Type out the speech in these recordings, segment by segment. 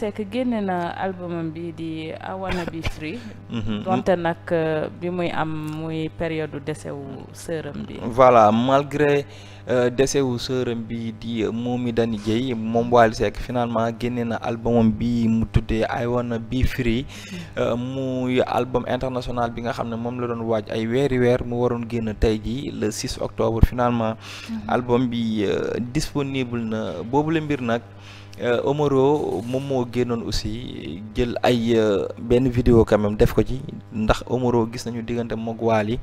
Seck génne na albumam bi di I Wanna Be Free mhm, mhm. donte nag euh, bi muy am muy période décès wu sëram bi voilà malgré euh, décès wu sëram bi di moom Momy Dany Dieye moom Wally Seck finalement génne na albumam bi mu tuddee I Wanna Be Free euh, muy album international bi nga xam ne moom la doon waaj ay weeri weer mu waroon génn tey ji le 6 octobre finalement mhm. album bi disponible na boobu la mbir nag Euh, Omaro moom moo génnoon aussi jël ay euh, benn vidéo quand def ko ci ndax Omaro gis nañu diggante moog Wally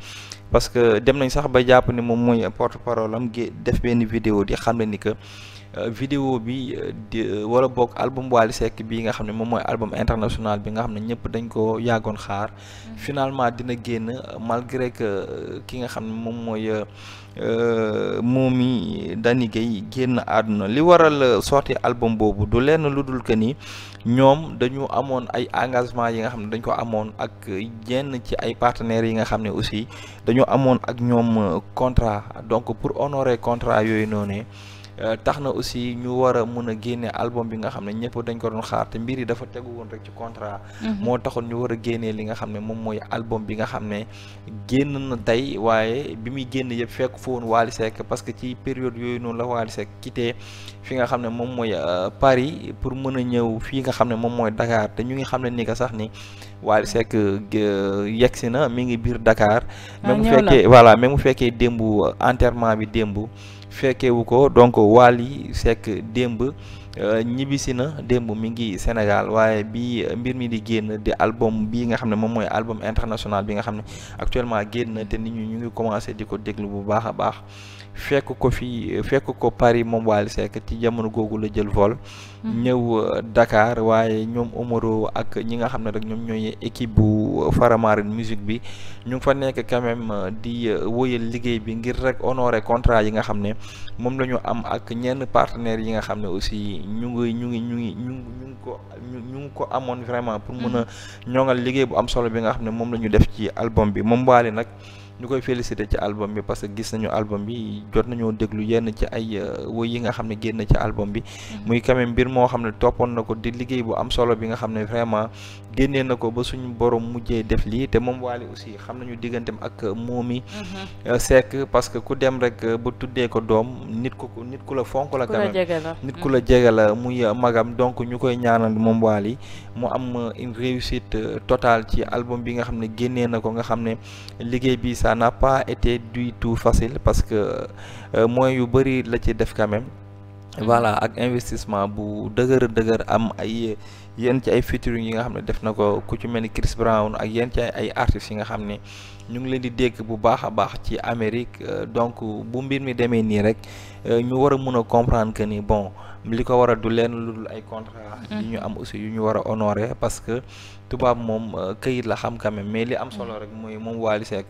parce que dem nañ sax ba jàpp ni moom mooy porte parole am def benn vidéo di xam ne ni que. Euh, vidéo bi euh, di euh, wala bokk album Wally Seck bii nga xam ne moom mooy album international bi nga xam ne ñëpp dañ ko yàggoon xaar mm-hmm. finalement dina génn malgré que ki nga xam ne moom mooy Momy Dany Guèye génn àdduna li waral sorti album boobu du lenn lu dul que ni ñoom dañu amoon ay engagement yi nga xam ne dañ ko amoon ak yenn ci ay partenaires yi nga xam ne aussi dañu amoon ak ñoom contrat donc pour honorer contrat yooyu noonu Euh, tax na aussi ñu war a mun a génne album bi nga xam ne ñëpp dañ ko doon xaar te mbir yi dafa tegu woon rek ci contrat. Mhm. moo taxoon ñu war a génnee li nga xam ne moom mooy album bi nga xam ne génn na tey waaye bi muy génn yëpp fekk fa woon Wally Seck parce que ci période yooyu noonu la Wally Seck quitté fi nga xam ne moom mooy euh, Paris pour mën a ñëw fii nga xam ne moom mooy Dakar te ñu ngi xam ne ni ka sax ni Wally Seck euh, yegsi na mi ngi biir Dakar. Ah, même mu fekkee voilà même mu fekkee démb enterrement bi démb. fekkewu ko donc yi Seck démb euh, ñibbisi na démb mi ngi Sénégal waaye bi euh, mbir mi di génn di album bi nga xam ne moom mooy album international bi nga xam ne actuellement génn te nit ñi ñu ngi commencé di ko déglu bu baax a baax fekk ko fii fekk ko Paris moom Wally Seck ci jamono googu la jël vol. Hmm. ñëw euh, dakaar waaye ñoom Omaro ak ñi nga xam ne rek ñoom ñooy équipe bu Faramarine musique bi ñu ngi fa nekk quand euh, di euh, woyal liggéey bi ngir rek honorer contrat yi nga xam ne moom la am ak ñenn partenaires yi nga xam ne aussi ñu ngi ñu ngi ñu ngi ñu ngi ko ñu ngi ko amoon vraiment pour mun a hmm. ñoŋal liggéey bu am solo bi nga xam ne moom la ñu def ci album bi moom nag. ñu koy félicité ci album bi parce que gis nañu album bi jot nañoo déglu yenn ci ay euh, woy yi nga xam ne génn ci album bi mhm. muy quand mbir moo xam ne toppoon na ko di liggéey bu am solo bi nga xam ne vraiment génnee na ko ba suñu borom mujjee def lii te moom Wally aussi xam nañu digganteem ak euh, Momy mhm. euh, Seck parce que ku dem rek ba tuddee ko doom nit ku nit ku la fonk la quand nit ku mhm. la jege muy magam donc ñu koy ñaanal moom Wally mu am une réussite totale ci album bi nga xam ne génnee na ko nga xam ne liggéey bi ça n'a pas été du tout facile parce que euh, moyens yu bëri la ci def quand même mm-hmm. voilà ak investissement bu dëgër dëgër am ay yéen ci ay featuring yi nga xam ne def na ko ku ci mel ni Chris Brown ak yéen ci ay artistes yi nga xam ni ñu ngi leen di dégg bu baax a baax ci Amérique euh, donc bu mbir mi demee nii rek euh, ñu war a mun a comprendre que ni bon li ko war a du leen lu dul ay contrat yi ñu mm. am aussi yu ñu war a honorer parce que tubaab moom euh, këyit la xam quand mais li am solo mm. rek mooy moom Wally Seck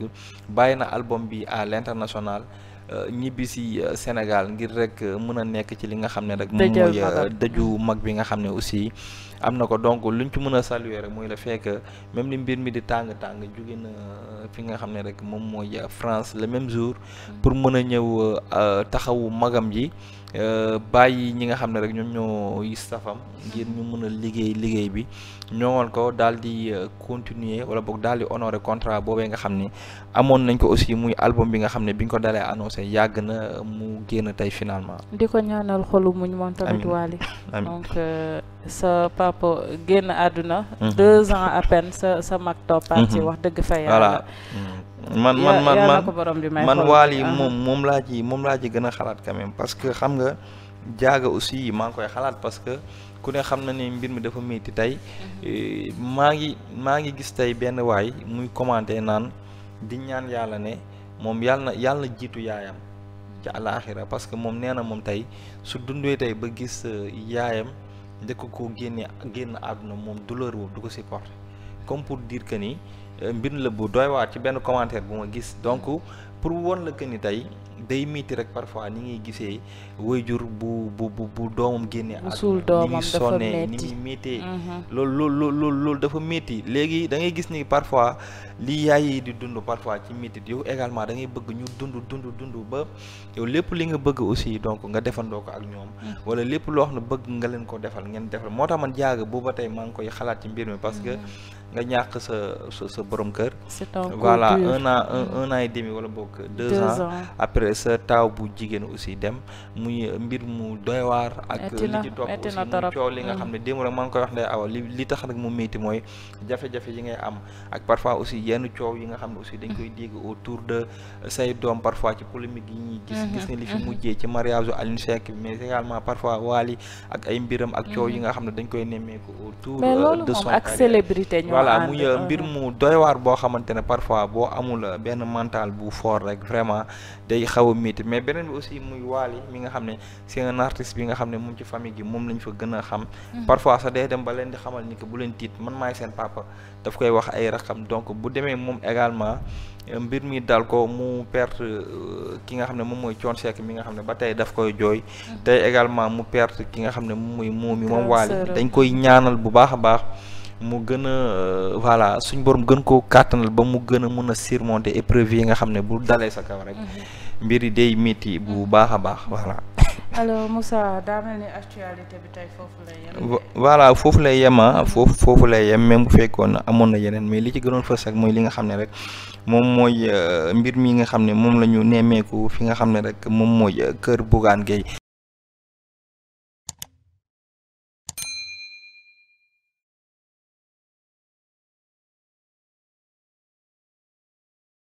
bàyyi na album bi à l'international Euh, ñibbi si euh, Sénégal ngir rek euh, mën a nekk ci li nga xam ne rek moom mooy dëju mag bi nga xam ne aussi am na ko donc lu luñ ci mën a saluer rek mooy la fekk même li mbir mi di tàng-tàng jóge na fi nga xam ne rek moom mooy France le même jour mm. pour mën a ñëw taxawu magam ji Euh, bàyyi ñi nga xam ne rek ñoom ñoo safam ngir ñu mën a liggéey liggéey bi ñoŋal ko daal di euh, continuer wala boog daal di honorer contrat boobee nga xam ni amoon nañ ko aussi muy album bi nga xam ne bi ñu ko dalee annoncé yàgg na mu génn tey finalement. di ko ñaanal xolu muñ moom tamit waali donc euh, sa papa génn àdduna. Mhm. deux ans à peine sa sa mag toppaat ci mhm. wax dëgg fa yàlla. Mm. man man man man man Wally ah. moom moom laa ji moom laa ji gën a xalaat quand même parce que xam nga jaaga aussi maa ngi koy xalaat parce que ku ne xam na ni mbir mi dafa métti tey mhm. eh, maa ngi maa ngi gis tey benn waay muy commenté naan di ñaan yàlla ne moom yàlla na yàlla jiitu yaayam ci àllaaxira parce que moom nee na moom tey su dundee tey ba gis eh, yaayam njëkk ko génne génn àdduna moom douleur boobu du ko supporter comme pour diir que ni euh, mbir la bu doy waar ci benn commentaire bu ma gis donc pour won la que ni tey day métti rek parfois ni ngay gisee waajur bu bu bu bu doomam génne ak ni muy sonnee ni muy méttee mhm. loolu loolu loolu loolu dafa métti léegi da ngay gis ni parfois li yaay yi di dund parfois ci métti yow également da ngay bëgg ñu dund dund dund ba yow lépp li nga bëgg aussi donc nga defandoo ko ak ñoom mm. wala lépp loo xam ne bëgg nga leen ko defal ngeen defal moo tax man jaaga booba tey maa ngi koy xalaat ci mbir mi parce que mm. nga ñàkk sa sa borom kër voilà un an un, mm. un an et demi wala bokk deux, deux ans. ans après sa taaw bu jigéen aussi dem muy mbir mu doy waar ak li ci topp aussi mu coow li nga mm. xam ne démb rek maa ngi koy wax day awa li li tax nag mu métti mooy jafe-jafe yi ngay am ak parfois aussi yenn coow yi nga xam ne aussi dañ koy dégg autour de say doom parfois ci polémique yi ñuy gis gis mm-hmm. nga li fi mm-hmm. mujjee ci mariage Aline Seck mais également parfois Wally ak ay mbiram ak coow yi mm-hmm. nga xam ne dañ koy nemmeeku voilà muy mbir mu doy waar boo xamante ne parfois boo amul euh, benn mental bu fort rek vraiment day xaw a métti mais beneen bi aussi muy Wally mi nga xam ne seen un bi nga xam ne moom ci famille gi moom lañ fa gën a xam. Mhm. parfois sax day dem ba leen di xamal ni que bu leen tiit man maay seen papa daf koy wax ay raxam donc bu demee moom également. Euh, mbir mi dal ko mu perte euh, ki nga xam ne moom mooy coon sekk mi nga xam ne ba tey daf koy jooy mhm. tey également mu perte ki nga xam ne moom mooy moom mi moom waali dañ koy ñaanal bu baax a baax mu gën a euh, voilà suñ borom gën koo kàttanal ba mu gën a mun a surmonter épreuve yi nga xam ne bu dalee sa kaw rek mhm. mbir yi day métti bu mhm. baax a baax voilà. alors daa mel foofu lay yem. voilà foofu lay yem ah foofu foofu yem même bu fekkoon amoon na yeneen mais li ci gënoon fës ak mooy li nga xam ne rek moom mooy euh, mbir mi nga xam ne moom la ñu nemmeeku fi nga xam ne rek moom mooy euh, kër Bougane Gueye